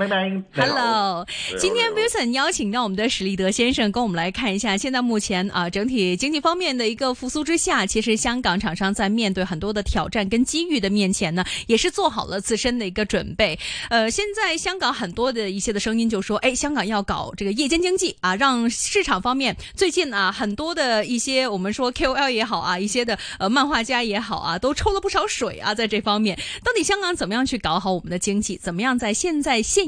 Hello，, Hello 今天 Wilson 邀請到我們的史立德先生，跟我們來看一下，現在目前啊整體經濟方面的一個復蘇之下，其實香港廠商在面對很多的挑戰跟機遇的面前呢，也是做好了自身的一個準備。呃，現在香港很多的一些的聲音就說，哎，香港要搞這個夜間經濟啊，讓市場方面最近啊很多的一些，我們說 KOL 也好啊，一些的呃漫畫家也好啊，都抽了不少水啊，在這方面，到底香港怎麼樣去搞好我們的經濟？怎麼樣在現在現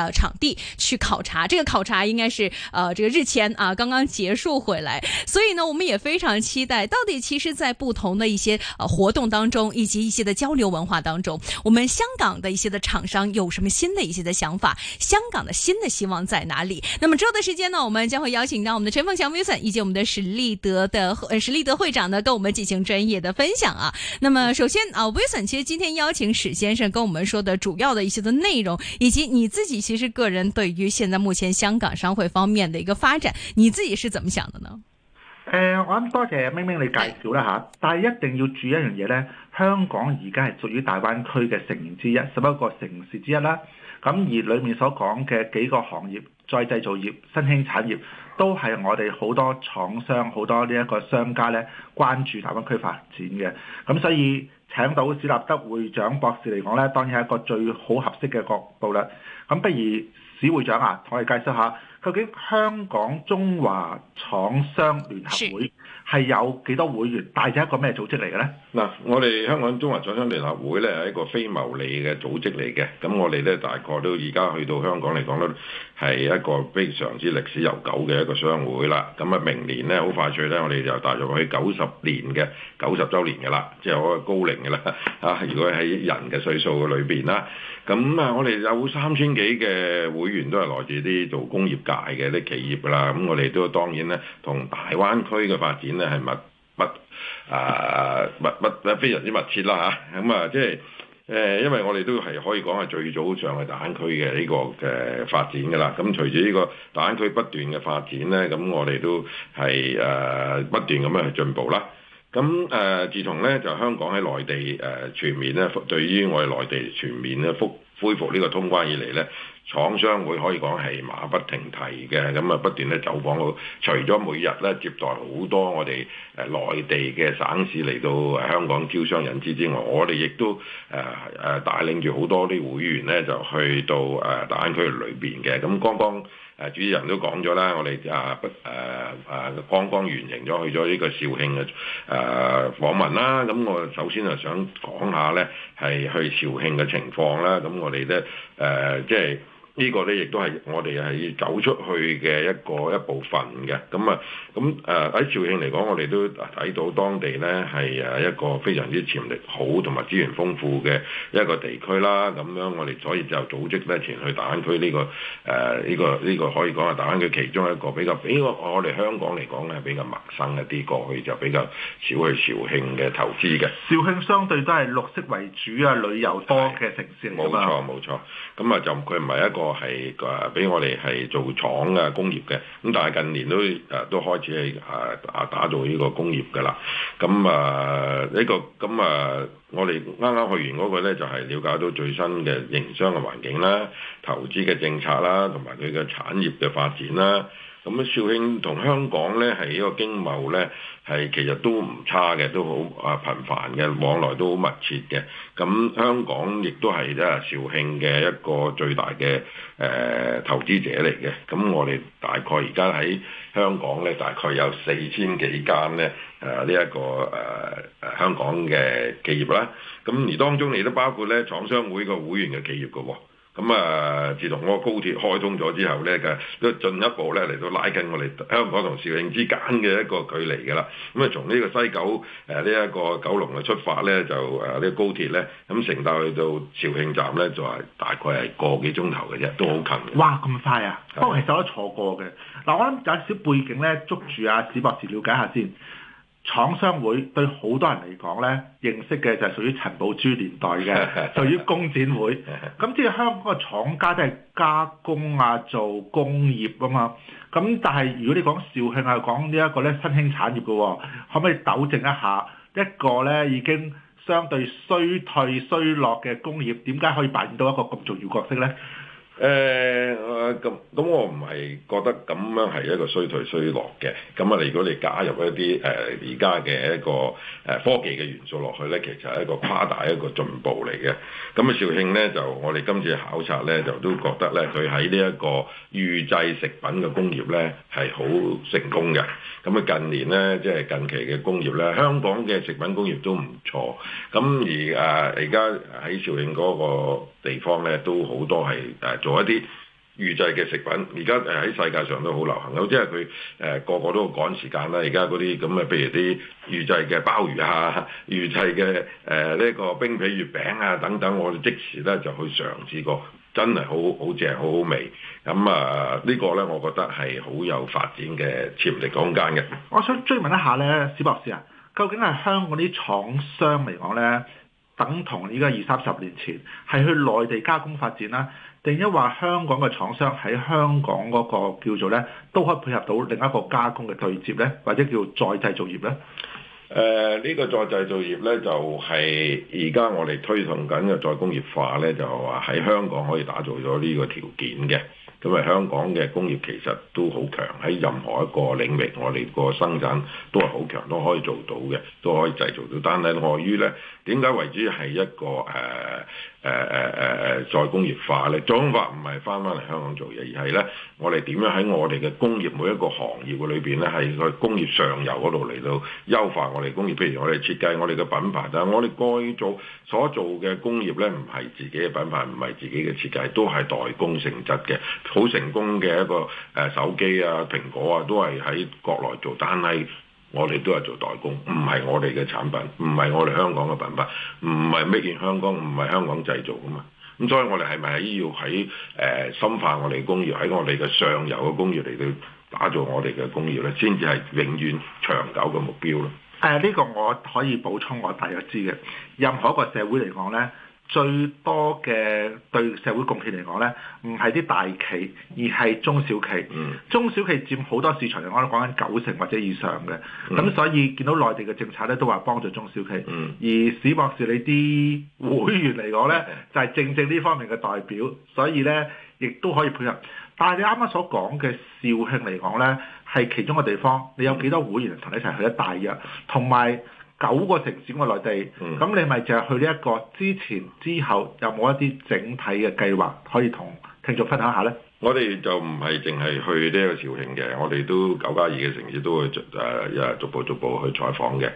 呃，場地去考察，這個考察應該是，呃，這個日前啊，呃，剛剛結束回來，所以呢，我們也非常期待，到底其實在不同的一些呃，活動當中，以及一些的交流文化當中，我們香港的一些的廠商有什麼新的一些的想法，香港的新的希望在哪裏？那麼之後的時間呢，我們將會邀請到我們的陳鳳祥 Wilson 以及我們的史立德的呃，史立德會長呢，跟我們進行專業的分享啊。那麼首先啊，呃，Wilson 其實今天邀請史先生跟我們說的主要的一些的內容，以及你自己。其實個人對於現在目前香港商會方面的一個發展，你自己是怎麼想的呢？誒、呃，我諗多謝明明你介紹啦。下，但係一定要注意一樣嘢咧，香港而家係屬於大灣區嘅成員之一，十一個城市之一啦。咁而裏面所講嘅幾個行業，再製造業、新興產業，都係我哋好多廠商、好多呢一個商家咧關注大灣區發展嘅。咁所以請到史立德會長博士嚟講咧，當然係一個最好合適嘅角度啦。咁不如史會長啊，同我哋介紹下究竟香港中華廠商聯合會，係有幾多會員？帶咗一個咩組織嚟嘅呢？嗱，我哋香港中華廠商聯合會咧係一個非牟利嘅組織嚟嘅。咁我哋咧大概都而家去到香港嚟講咧係一個非常之歷史悠久嘅一個商會啦。咁啊明年咧好快脆咧，我哋就踏入去九十年嘅九十周年嘅啦，即係我係高齡嘅啦嚇。如果喺人嘅歲數嘅裏邊啦，咁啊我哋有三千幾嘅會員都係來自啲做工業界嘅啲企業噶啦。咁我哋都當然咧同大灣區嘅發展。係密密啊，密密非常之密切啦嚇，咁啊即係誒，因為我哋都係可以講，係最早上係大灣區嘅呢個嘅發展噶啦，咁隨住呢個大灣區不斷嘅發展咧，咁我哋都係誒、啊、不斷咁樣去進步啦。咁、嗯、誒、啊，自從咧就香港喺內地誒、呃、全面咧，對於我哋內地全面咧復恢復呢個通關以嚟咧，廠商會可以講係馬不停蹄嘅，咁啊不斷咧走訪到，除咗每日咧接待好多我哋誒內地嘅省市嚟到香港招商引資之外，我哋亦都誒誒帶領住好多啲會員咧就去到誒大灣區裏邊嘅，咁剛剛。誒主持人都講咗啦，我哋啊誒誒剛剛完成咗去咗呢個肇慶嘅誒訪問啦，咁我首先就想講下咧係去肇慶嘅情況啦，咁我哋咧誒即係。呢個呢，亦都係我哋係要走出去嘅一個一部分嘅，咁啊，咁誒喺肇慶嚟講，我哋都睇到當地呢係誒一個非常之潛力好同埋資源豐富嘅一個地區啦。咁樣我哋所以就組織呢、這個，前去大灣區呢個誒呢個呢個可以講係大灣區其中一個比較呢個我哋香港嚟講咧係比較陌生一啲，過去就比較少去肇慶嘅投資嘅。肇慶相對都係綠色為主啊，呃、是旅遊多嘅城市，冇錯冇錯，咁啊、嗯、就佢唔係一個。係誒，俾我哋係做廠嘅工業嘅，咁但係近年都誒都開始係誒誒打造呢個工業嘅啦。咁啊呢個咁啊，我哋啱啱去完嗰個咧，就係了解到最新嘅營商嘅環境啦、投資嘅政策啦，同埋佢嘅產業嘅發展啦。咁咧，肇慶同香港咧係一個經貿咧，係其實都唔差嘅，都好啊頻繁嘅往來，都好密切嘅。咁香港亦都係即係肇慶嘅一個最大嘅誒、呃、投資者嚟嘅。咁我哋大概而家喺香港咧，大概有四千幾間咧啊呢一、呃這個誒、呃、香港嘅企業啦。咁而當中亦都包括咧廠商會個會員嘅企業嘅喎。咁啊，自從個高鐵開通咗之後咧，嘅都進一步咧嚟到拉近我哋香港同肇慶之間嘅一個距離㗎啦。咁啊，從呢個西九誒呢一個九龍嘅出發咧，就誒呢個高鐵咧，咁乘搭去到肇慶站咧，就係大概係個幾鐘頭嘅啫，都好近。哇！咁快啊？吧不過其實我都坐過嘅。嗱，我諗有少背景咧，捉住阿史博士了解下先。廠商會對好多人嚟講咧，認識嘅就係屬於陳寶珠年代嘅，屬於工展會。咁 即係香港嘅廠家都係加工啊，做工業㗎嘛。咁但係如果你講肇慶係，講呢一個咧，新興產業嘅，可唔可以糾正一下？一個咧已經相對衰退衰落嘅工業，點解可以扮演到一個咁重要角色咧？誒咁咁，呃、我唔係覺得咁樣係一個衰退衰落嘅。咁啊，你如果你加入一啲誒而家嘅一個誒、呃、科技嘅元素落去咧，其實係一個誇大一個進步嚟嘅。咁啊，肇慶咧就我哋今次考察咧就都覺得咧，佢喺呢一個預製食品嘅工業咧係好成功嘅。咁啊，近年咧即係近期嘅工業咧，香港嘅食品工業都唔錯。咁而啊，而家喺肇慶嗰個地方咧都好多係誒做一啲預製嘅食品，而家誒喺世界上都好流行。有即係佢誒個個都要趕時間啦。而家嗰啲咁啊，譬如啲預製嘅鮑魚啊、預製嘅誒呢個冰皮月餅啊等等，我哋即時咧就去嘗試過，真係好好正、好好味。咁啊、這個、呢個咧，我覺得係好有發展嘅潛力空間嘅。我想追問一下咧，史博士啊，究竟係香港啲廠商嚟講咧？等同依家二三十年前，係去內地加工發展啦，定一話香港嘅廠商喺香港嗰個叫做咧，都可以配合到另一個加工嘅對接咧，或者叫再製造業咧。誒、呃，呢、呢個再製造業咧，就係而家我哋推動緊嘅再工業化咧，就係話喺香港可以打造咗呢個條件嘅。咁啊，香港嘅工業其實都好強，喺任何一個領域，我哋個生產都係好強，都可以做到嘅，都可以製造到。但係礙於咧，點解為之係一個誒誒誒誒誒再工業化咧？做法唔係翻返嚟香港做嘢，而係咧，我哋點樣喺我哋嘅工業每一個行業嘅裏邊咧，係去工業上游嗰度嚟到優化我哋工業。譬如我哋設計我哋嘅品牌，但係我哋該做所做嘅工業咧，唔係自己嘅品牌，唔係自己嘅設計，都係代工性質嘅。好成功嘅一個誒、呃、手機啊，蘋果啊，都係喺國內做，但係我哋都係做代工，唔係我哋嘅產品，唔係我哋香港嘅品牌，唔係 made in 香港，唔係香港製造噶嘛。咁所以我哋係咪要喺誒、呃、深化我哋工業，喺我哋嘅上游嘅工業嚟到打造我哋嘅工業咧，先至係永遠長久嘅目標咧？誒、啊，呢、這個我可以補充，我大約知嘅，任何一個社會嚟講咧。最多嘅對社會貢獻嚟講咧，唔係啲大企，而係中小企。嗯、中小企佔好多市場嚟講，都講緊九成或者以上嘅。咁、嗯、所以見到內地嘅政策咧，都話幫助中小企。嗯、而史博士你啲會員嚟講咧，就係、是、正正呢方面嘅代表，所以咧亦都可以配合。但係你啱啱所講嘅肇慶嚟講咧，係其中一個地方，你有幾多會員同你一齊去咧？大約同埋。九個城市嘅內地，咁、嗯、你咪淨係去呢一個，之前之後有冇一啲整體嘅計劃，可以同聽眾分享下呢？我哋就唔係淨係去呢個肇慶嘅，我哋都九加二嘅城市都會誒、呃，逐步逐步去採訪嘅。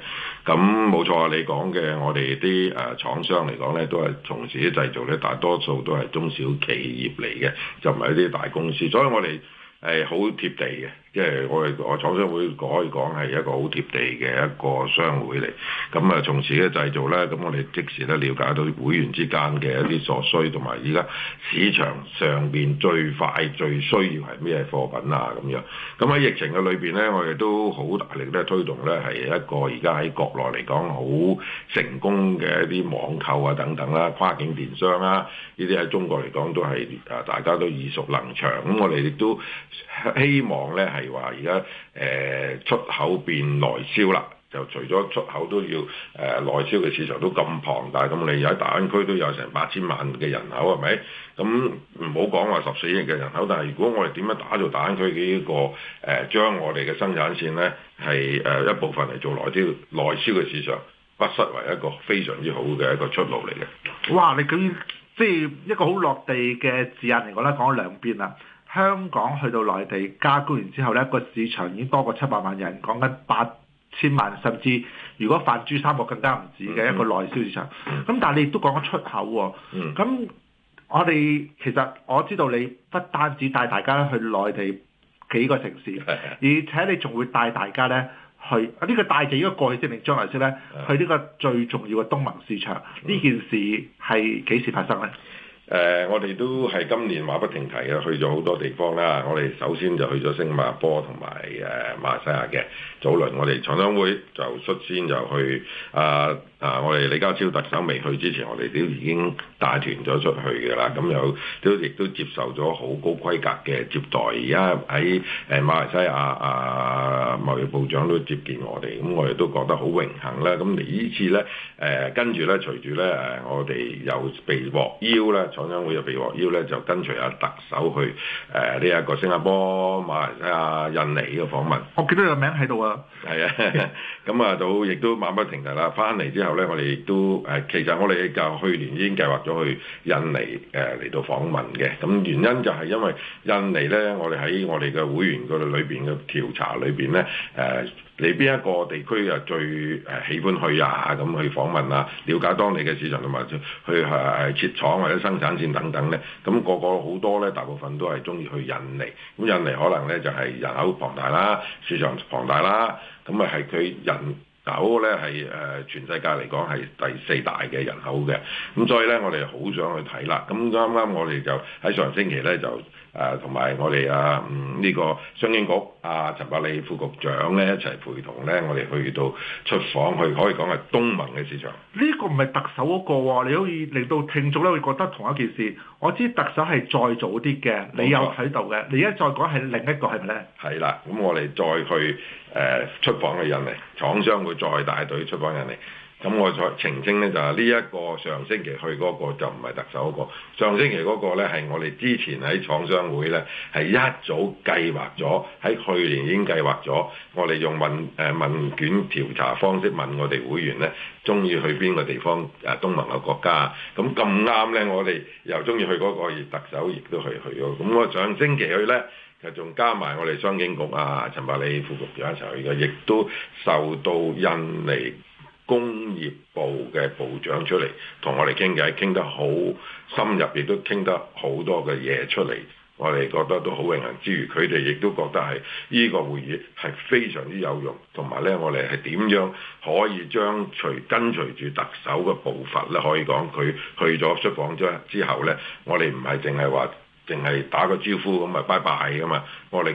咁冇錯，你講嘅我哋啲誒廠商嚟講呢，都係從事啲製造，呢大多數都係中小企業嚟嘅，就唔係啲大公司，所以我哋係好貼地嘅。即係我哋我廠商會可以講係一個好貼地嘅一個商會嚟，咁啊從此嘅製造咧，咁我哋即時咧了解到會員之間嘅一啲所需，同埋而家市場上邊最快最需要係咩貨品啊咁樣。咁喺疫情嘅裏邊咧，我哋都好大力咧推動咧係一個而家喺國內嚟講好成功嘅一啲網購啊等等啦，跨境電商啊呢啲喺中國嚟講都係啊大家都耳熟能詳。咁我哋亦都希望咧係，話而家誒出口變內銷啦，就除咗出口都要誒、呃、內銷嘅市場都咁龐大，咁你哋喺大灣區都有成八千萬嘅人口係咪？咁唔好講話十四億嘅人口，但係如果我哋點樣打造大灣區呢、呢個誒、呃，將我哋嘅生產線咧係誒一部分嚟做內銷，內銷嘅市場不失為一個非常之好嘅一個出路嚟嘅。哇！你咁即係一個好落地嘅字眼嚟講咧，講咗兩邊啦。香港去到內地加工完之後呢個市場已經多過七百萬人，講緊八千萬，甚至如果泛珠三角更加唔止嘅一個內銷市場。咁、mm hmm. 但係你亦都講咗出口喎。咁、mm hmm. 我哋其實我知道你不單止帶大家去內地幾個城市， 而且你仲會帶大家呢去呢、這個大隻，如果過去證明將來即呢。去呢個最重要嘅東盟市場。呢、mm hmm. 件事係幾時發生呢？誒、呃，我哋都係今年話不停題啊，去咗好多地方啦。我哋首先就去咗星加坡同埋誒馬來西亞嘅早輪，我哋廠商會就率先就去啊啊、呃！我哋李家超特首未去之前，我哋都已經帶團咗出去嘅啦。咁有都亦都接受咗好高規格嘅接待。而家喺誒馬來西亞啊，貿易部長都接見我哋，咁我哋都覺得好榮幸啦。咁你呢次呢，誒、呃、跟住呢，隨住呢，我哋又被獲邀咧。廠商會又被獲邀咧，就跟隨阿特首去誒呢一個新加坡、馬來西亞、印尼嘅訪問。我記得有名喺度啊。係啊、 嗯，咁啊到亦都馬不停蹄啦。翻嚟之後咧，我哋亦都誒、呃，其實我哋就去年已經計劃咗去印尼誒嚟、呃、到訪問嘅。咁原因就係因為印尼咧，我哋喺我哋嘅會員度裏邊嘅調查裏邊咧，誒嚟邊一個地區啊最誒喜歡去啊咁去訪問啊，了解當地嘅市場同埋去誒設廠或者生產。等等等咧，咁、那個個好多咧，大部分都係中意去印尼，咁印尼可能咧就係人口龐大啦，市場龐大啦，咁啊係佢人口咧係誒全世界嚟講係第四大嘅人口嘅，咁所以咧我哋好想去睇啦，咁啱啱我哋就喺上星期咧就。誒，同埋我哋啊，呢個商經局啊，陳百里副局長咧一齊陪同咧，我哋去到出訪，去可以講係東盟嘅市場。呢個唔係特首嗰個喎，你可以令到聽眾咧會覺得同一件事。我知特首係再早啲嘅，你有喺度嘅，你而家再講係另一個係咪咧？係啦，咁我哋再去誒出訪嘅人嚟，廠商會再帶隊出訪人嚟。咁我再澄清咧、就是，就係呢一個上星期去嗰個就唔係特首嗰、那個，上星期嗰個咧係我哋之前喺廠商會咧係一早計劃咗，喺去年已經計劃咗，我哋用問誒、呃、問卷調查方式問我哋會員咧中意去邊個地方誒、啊、東盟嘅國家，咁咁啱咧，我哋又中意去嗰、那個，而特首亦都係去咗。咁我上星期去咧，就仲加埋我哋商經局啊陳百里副局長一齊去嘅，亦都受到印尼。工業部嘅部長出嚟同我哋傾偈，傾得好深入，亦都傾得好多嘅嘢出嚟。我哋覺得都好榮幸之餘，佢哋亦都覺得係呢個會議係非常之有用。同埋呢，我哋係點樣可以將隨跟隨住特首嘅步伐呢？可以講佢去咗出訪咗之後呢，我哋唔係淨係話淨係打個招呼咁啊拜拜㗎嘛，我哋。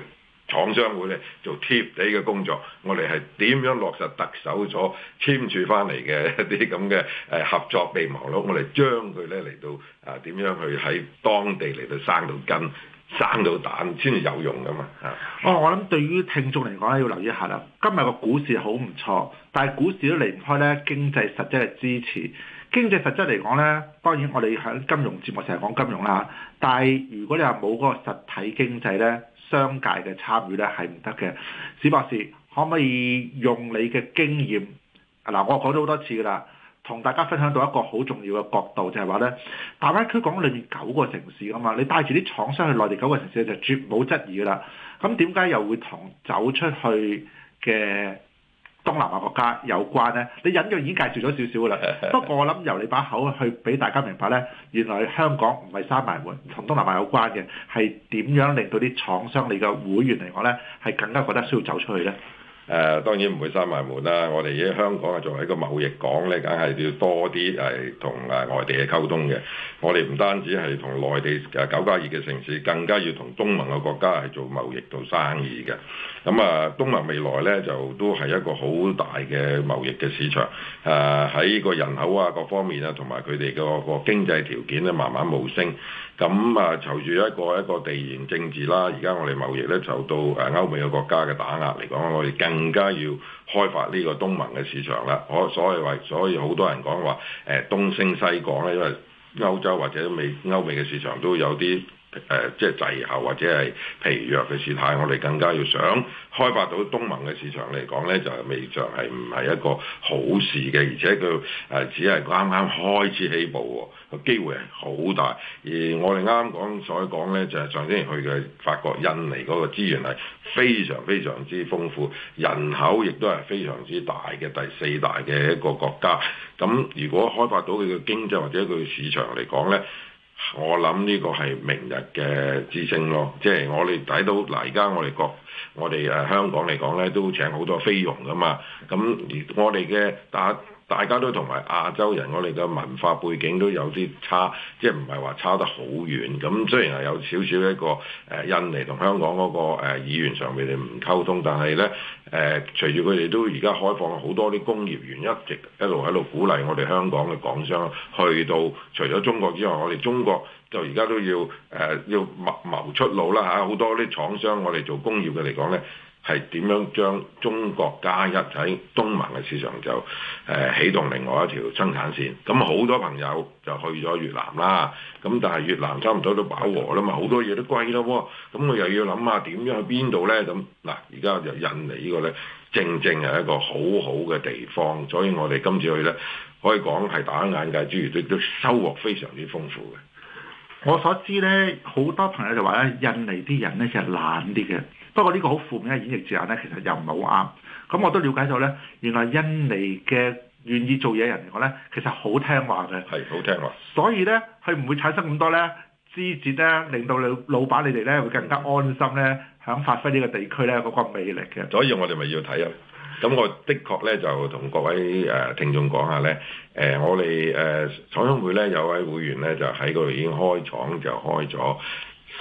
廠商會咧做貼地嘅工作，我哋係點樣落實特首所簽署翻嚟嘅一啲咁嘅誒合作備忘錄？嗯、我哋將佢咧嚟到啊點樣去喺當地嚟到生到根、生到蛋先至有用噶嘛嚇！啊、哦，我諗對於聽眾嚟講咧要留意一下啦，今日個股市好唔錯，但係股市都離唔開咧經濟實質嘅支持。經濟實質嚟講咧，當然我哋喺金融節目成日講金融啦、啊，但係如果你話冇嗰個實體經濟咧。商界嘅參與咧係唔得嘅，史博士可唔可以用你嘅經驗？嗱、啊，我講咗好多次噶啦，同大家分享到一個好重要嘅角度，就係話咧，大灣區港裏面九個城市噶嘛，你帶住啲廠商去內地九個城市就絕冇質疑噶啦。咁點解又會同走出去嘅？東南亞國家有關呢，你隱約已經介紹咗少少噶啦。不過我諗由你把口去俾大家明白呢，原來香港唔係閂埋門，同東南亞有關嘅係點樣令到啲廠商、你嘅會員嚟講呢，係更加覺得需要走出去呢？誒、呃、當然唔會閂埋門啦、啊，我哋喺香港啊，作為一個貿易港呢，梗係要多啲係同誒外地嘅溝通嘅。我哋唔單止係同內地誒九加二嘅城市，更加要同東盟嘅國家係做貿易做生意嘅。咁啊，東盟未來咧就都係一個好大嘅貿易嘅市場。誒、啊、喺個人口啊各方面啊，同埋佢哋嘅個經濟條件咧，慢慢冒升。咁啊，隨住一個一個地緣政治啦，而家我哋貿易咧受到誒歐美嘅國家嘅打壓嚟講，我哋更加要開發呢個東盟嘅市場啦。我所以話，所以好多人講話誒東升西降咧，因為歐洲或者美歐美嘅市場都有啲。誒、呃，即係滯後或者係疲弱嘅事態，我哋更加要想開發到東盟嘅市場嚟講呢，就未嘗係唔係一個好事嘅，而且佢誒、呃、只係啱啱開始起步喎，個機會係好大。而我哋啱啱講所講呢，就係、是、上星期去嘅法國、印尼嗰個資源係非常非常之豐富，人口亦都係非常之大嘅第四大嘅一個國家。咁如果開發到佢嘅經濟或者佢嘅市場嚟講呢。我諗呢個係明日嘅之星咯，即係我哋睇到嗱，而家我哋國、我哋誒香港嚟講咧，都請好多菲傭㗎嘛，咁而我哋嘅打。大家都同埋亞洲人，我哋嘅文化背景都有啲差，即係唔係話差得好遠。咁雖然係有少少一個印尼同香港嗰個誒議員上面哋唔溝通，但係呢，誒、呃，隨住佢哋都而家開放好多啲工業園，一直一路喺度鼓勵我哋香港嘅港商去到除咗中國之外，我哋中國就而家都要誒、呃、要謀出路啦嚇。好多啲廠商，我哋做工業嘅嚟講呢。係點樣將中國加一喺東盟嘅市場就誒、呃、起動另外一條生產線？咁、嗯、好多朋友就去咗越南啦，咁但係越南差唔多都飽和啦嘛，好多嘢都貴咯，咁、嗯、我、嗯嗯、又要諗下點樣去邊度呢？咁嗱，而家就印尼呢個呢，正正係一個好好嘅地方，所以我哋今次去呢，可以講係打眼界之餘，都收穫非常之豐富嘅。我所知呢，好多朋友就話咧，印尼啲人呢，其係懶啲嘅。不過呢個好負面嘅演繹字眼咧，其實又唔係好啱。咁我都了解到咧，原來印尼嘅願意做嘢人嚟講咧，其實好聽話嘅，係好聽話。所以咧，佢唔會產生咁多咧枝節咧，令到你老闆你哋咧會更加安心咧，肯發揮呢個地區咧嗰、那個魅力嘅。所以我哋咪要睇啊。咁我的確咧就同各位誒聽眾講下咧，誒、呃、我哋誒、呃、廠商會咧有位會員咧就喺嗰度已經開廠就開咗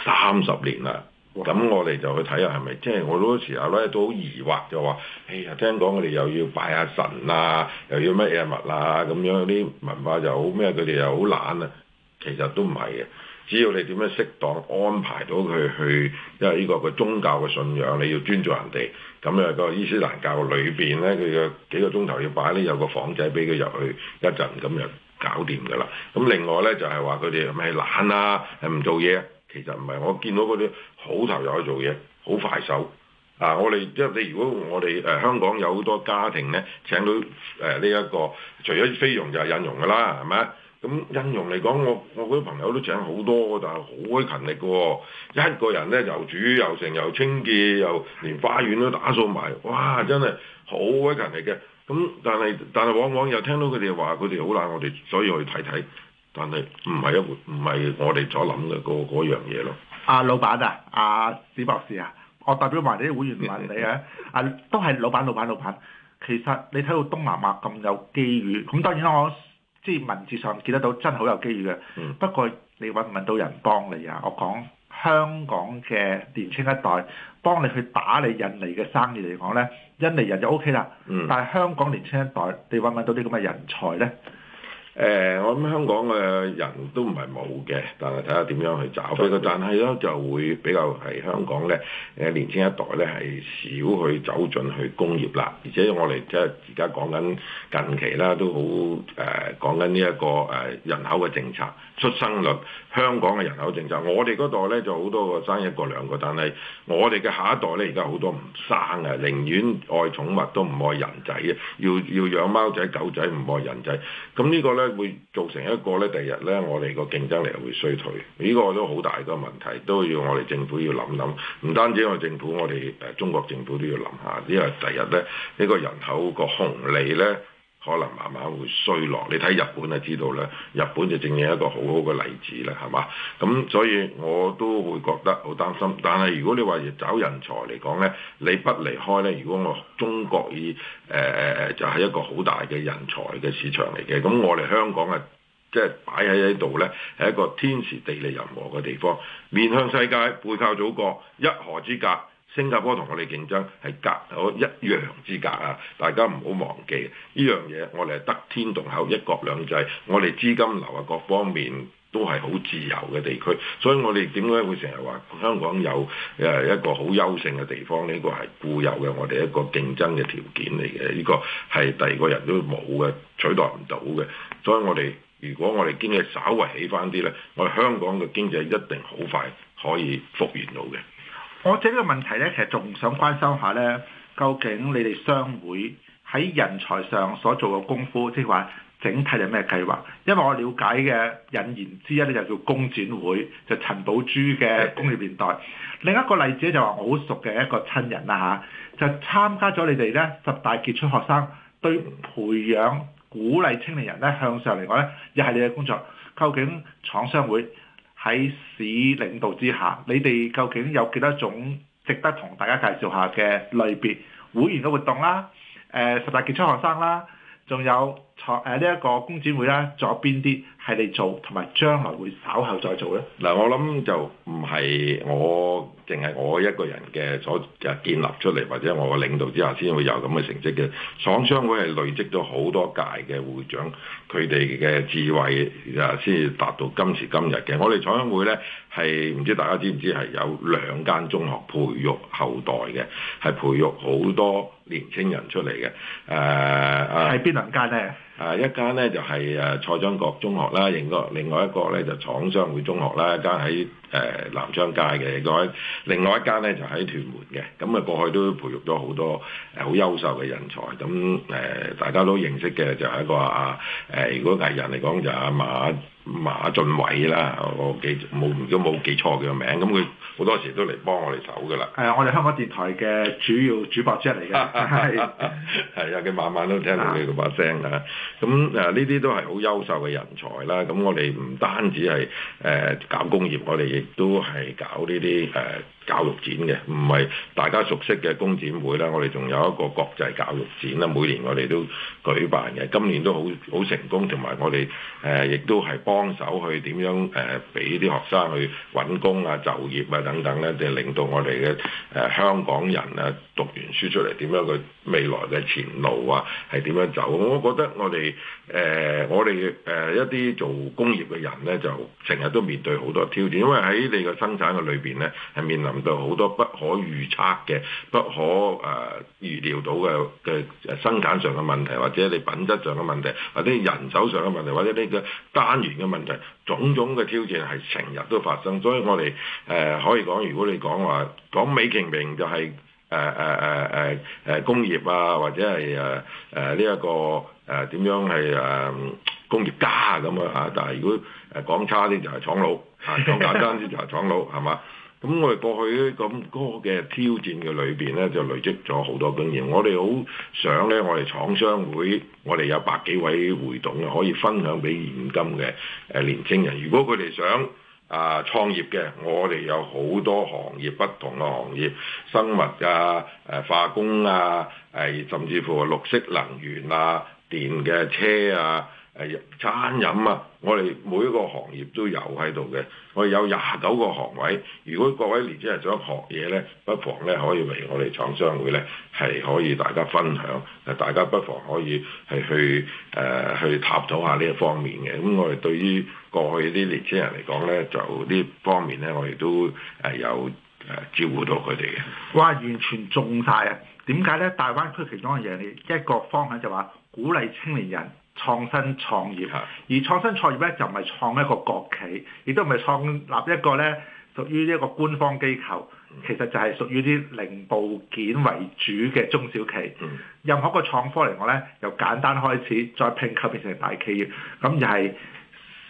三十年啦。咁哇我哋就去睇下係咪，即係我嗰個時候咧都好疑惑，就話，哎呀，聽講佢哋又要拜下神啊，又要乜嘢物啊，咁樣啲文化就好咩？佢哋又好懶啊。其實都唔係嘅，只要你點樣適當安排到佢去，因為呢個個宗教嘅信仰，你要尊重人哋。咁誒個伊斯蘭教裏邊咧，佢嘅幾個鐘頭要拜呢，有個房仔俾佢入去一陣，咁就搞掂㗎啦。咁另外咧就係話佢哋係咪懶啊，係唔做嘢？其實唔係，我見到嗰啲好投入去做嘢，好快手。啊，我哋即係你如果我哋誒、呃、香港有好多家庭咧請到誒呢一個，除咗菲傭就係印傭㗎啦，係咪？咁印傭嚟講，我我嗰啲朋友都請好多，但係好鬼勤力嘅、哦。一個人咧又煮又成又清潔又連花園都打掃埋，哇！真係好鬼勤力嘅。咁但係但係往往又聽到佢哋話佢哋好懶，懶，我哋所以去睇睇。唔係唔係，一唔係我哋所諗嘅嗰樣嘢咯。阿老闆啊，阿、啊、史博士啊，我代表埋你啲會員問你啊， 啊都係老闆老闆老闆。其實你睇到東南亞咁有機遇，咁當然啦，我即係文字上見得到真好有機遇嘅。嗯、不過你揾唔揾到人幫你啊？我講香港嘅年青一代幫你去打理印尼嘅生意嚟講咧，印尼人就 O K 啦。嗯、但係香港年青一代，你揾唔揾到啲咁嘅人才咧？誒、呃，我諗香港嘅人都唔係冇嘅，但係睇下點樣去找。但係咧就會比較係香港咧誒年輕一代咧係少去走進去工業啦，而且我哋即係而家講緊近期啦，都好誒講緊呢一個誒人口嘅政策、出生率、香港嘅人口政策。我哋嗰代咧就好多個生一個兩個，但係我哋嘅下一代咧而家好多唔生啊，寧願愛寵物都唔愛人仔嘅，要要養貓仔狗仔，唔愛人仔。咁呢個咧～會造成一個咧，第日咧，我哋個競爭力會衰退，呢、這個都好大個問題，都要我哋政府要諗諗。唔單止我哋政府，我哋誒、呃、中國政府都要諗下，因為第日咧，呢、這個人口個紅利咧。可能慢慢會衰落，你睇日本就知道啦，日本就正係一個好好嘅例子啦，係嘛？咁所以我都會覺得好擔心，但係如果你話要找人才嚟講呢，你不離開呢，如果我中國以誒誒、呃、就係、是、一個好大嘅人才嘅市場嚟嘅，咁我哋香港啊，即係擺喺喺度呢，係一個天時地利人和嘅地方，面向世界，背靠祖國，一河之隔。新加坡同我哋競爭係隔咗一樣之隔啊！大家唔好忘記，呢樣嘢我哋係得天獨厚，一國兩制，我哋資金流啊各方面都係好自由嘅地區，所以我哋點解會成日話香港有誒一個好優勝嘅地方？呢個係固有嘅，我哋一個競爭嘅條件嚟嘅，呢個係第二個人都冇嘅取代唔到嘅。所以我哋如果我哋經濟稍為起返啲咧，我哋香港嘅經濟一定好快可以復原到嘅。我借呢個問題咧，其實仲想關心下咧，究竟你哋商會喺人才上所做嘅功夫，即係話整體有咩計劃？因為我了解嘅引言之一咧，就叫工展會，就是、陳寶珠嘅工業年代。另一個例子就話我好熟嘅一個親人啦嚇，就參加咗你哋咧十大傑出學生，對培養鼓勵青年人咧向上嚟講咧，又係你嘅工作。究竟廠商會？喺市領導之下，你哋究竟有幾多種值得同大家介紹下嘅類別？會員嘅活動啦，誒、呃，十大傑出學生啦，仲有。創呢一個工展會啦，仲有邊啲係你做，同埋將來會稍後再做咧？嗱，我諗就唔係我淨係我一個人嘅所建立出嚟，或者我嘅領導之下先會有咁嘅成績嘅。廠商會係累積咗好多屆嘅會長，佢哋嘅智慧誒先至達到今時今日嘅。我哋廠商會咧係唔知大家知唔知係有兩間中學培育後代嘅，係培育好多年青人出嚟嘅誒。係邊兩間咧？啊，一間咧就係、是、誒、啊、蔡章閣中學啦，另外另外一個咧就是、廠商會中學啦，一間喺誒南昌街嘅，另外一家咧就喺、是、屯門嘅，咁啊過去都培育咗好多誒好優秀嘅人才，咁誒、呃、大家都認識嘅就係一個誒、啊呃，如果藝人嚟講就阿、啊、馬。馬俊偉啦，我記冇如果冇記錯佢個名，咁佢好多時都嚟幫我哋手噶啦。啊，我哋香港電台嘅主要主播之一嚟嘅，係係啊，佢 晚 晚都聽到你個把聲啊。咁誒，呢啲都係好優秀嘅人才啦。咁我哋唔單止係誒、呃、搞工業，我哋亦都係搞呢啲誒。呃教育展嘅，唔係大家熟悉嘅工展會啦，我哋仲有一個國際教育展啦，每年我哋都舉辦嘅，今年都好好成功，同埋我哋誒、呃、亦都係幫手去點樣誒俾啲學生去揾工啊、就業啊等等咧，就令到我哋嘅誒香港人啊讀完書出嚟點樣，去未來嘅前路啊，係點樣走？我覺得我哋誒、呃、我哋誒、呃、一啲做工業嘅人咧，就成日都面對好多挑戰，因為喺你個生產嘅裏邊咧係面臨。就好多不可預測嘅、不可誒預料到嘅嘅生產上嘅問題，或者你品質上嘅問題，或者人手上嘅問題，或者你嘅單元嘅問題，種種嘅挑戰係成日都發生。所以我哋誒可以講，如果你講話講美其名就係誒誒誒誒誒工業啊，或者係誒誒呢一個誒點樣係誒工業家咁啊嚇。但係如果誒講差啲就係廠佬，講簡單啲就係廠佬，係嘛？咁我哋過去咧咁多嘅挑戰嘅裏邊咧，就累積咗好多經驗。我哋好想咧，我哋廠商會，我哋有百幾位會董嘅可以分享俾現今嘅誒年輕人。如果佢哋想啊創業嘅，我哋有好多行業不同嘅行業，生物啊、誒化工啊、誒甚至乎綠色能源啊、電嘅車啊。係餐飲啊！我哋每一個行業都有喺度嘅。我哋有廿九個學位，如果各位年青人想學嘢咧，不妨咧可以嚟我哋廠商會咧係可以大家分享。誒，大家不妨可以係去誒、呃、去踏走下呢一方面嘅。咁我哋對於過去啲年青人嚟講咧，就呢方面咧，我哋都誒有誒照顧到佢哋嘅。哇！完全中曬啊！點解咧？大灣區其中嘅嘢，一個方向就話鼓勵青年人。創新創業，而創新創業咧就唔係創一個國企，亦都唔係創立一個咧屬於一個官方機構，其實就係屬於啲零部件為主嘅中小企。嗯、任何個創科嚟講咧，由簡單開始，再拼湊變成大企業，咁而係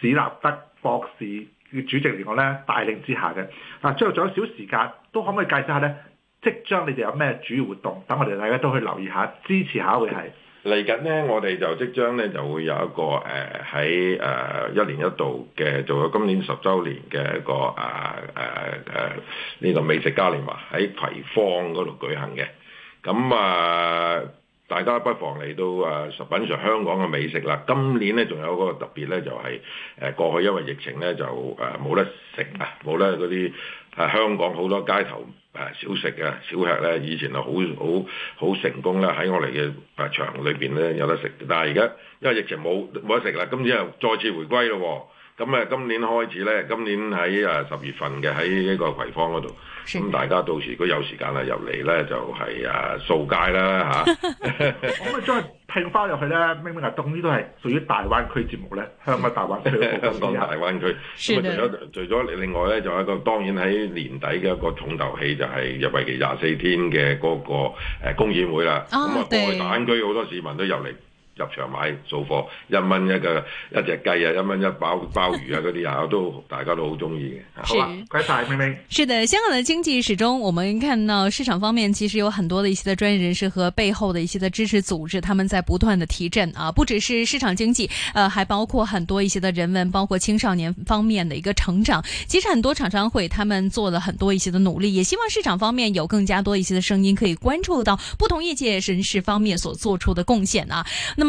史立德博士嘅主席嚟講咧帶領之下嘅。啊，最後仲有少時間，都可唔可以介紹下咧？即將你哋有咩主要活動？等我哋大家都去留意下，支持下會係。嚟緊咧，我哋就即將咧就會有一個誒喺誒一年一度嘅，做咗今年十周年嘅一個誒誒誒呢個美食嘉年華喺葵芳嗰度舉行嘅，咁啊。大家不妨嚟到啊，品嘗香港嘅美食啦、啊。今年咧仲有嗰個特別咧，就係誒過去因為疫情咧就誒冇得食啊，冇得嗰啲啊香港好多街頭誒小食啊小吃咧，以前係好好好，好成功咧，喺我哋嘅場裏邊咧有得食，但係而家因為疫情冇冇得食啦，今年又再次回歸咯喎、啊。咁誒，今年開始咧，今年喺誒十月份嘅，喺一個葵芳嗰度，咁的大家到時如果有時間啦入嚟咧，就係誒掃街啦嚇。咁啊，再拼翻入去咧，明明啊，總之都係屬於大灣區節目咧，香港大灣區、啊。香港大灣區。的除咗除咗另外咧，就有一個當然喺年底嘅一個重頭戲就係入圍期廿四天嘅嗰個公演會啦。啊、oh, 嗯，對、嗯。咁啊，大灣區好多市民都入嚟。入場買做貨，一蚊一個一隻雞啊，一蚊一包鮑，鮑魚啊，嗰啲啊都大家都好中意嘅。好啊，g r 明明。a 是的，香港的經濟始終，我們看到市場方面其實有很多的一些的專業人士和背後的一些的支持組織，他們在不斷的提振啊，不只是市場經濟，呃、啊，還包括很多一些的人文，包括青少年方面的一個成長。其實很多廠商會，他們做了很多一些的努力，也希望市場方面有更加多一些的聲音可以關注到不同業界人士方面所做出的貢獻啊。那麼。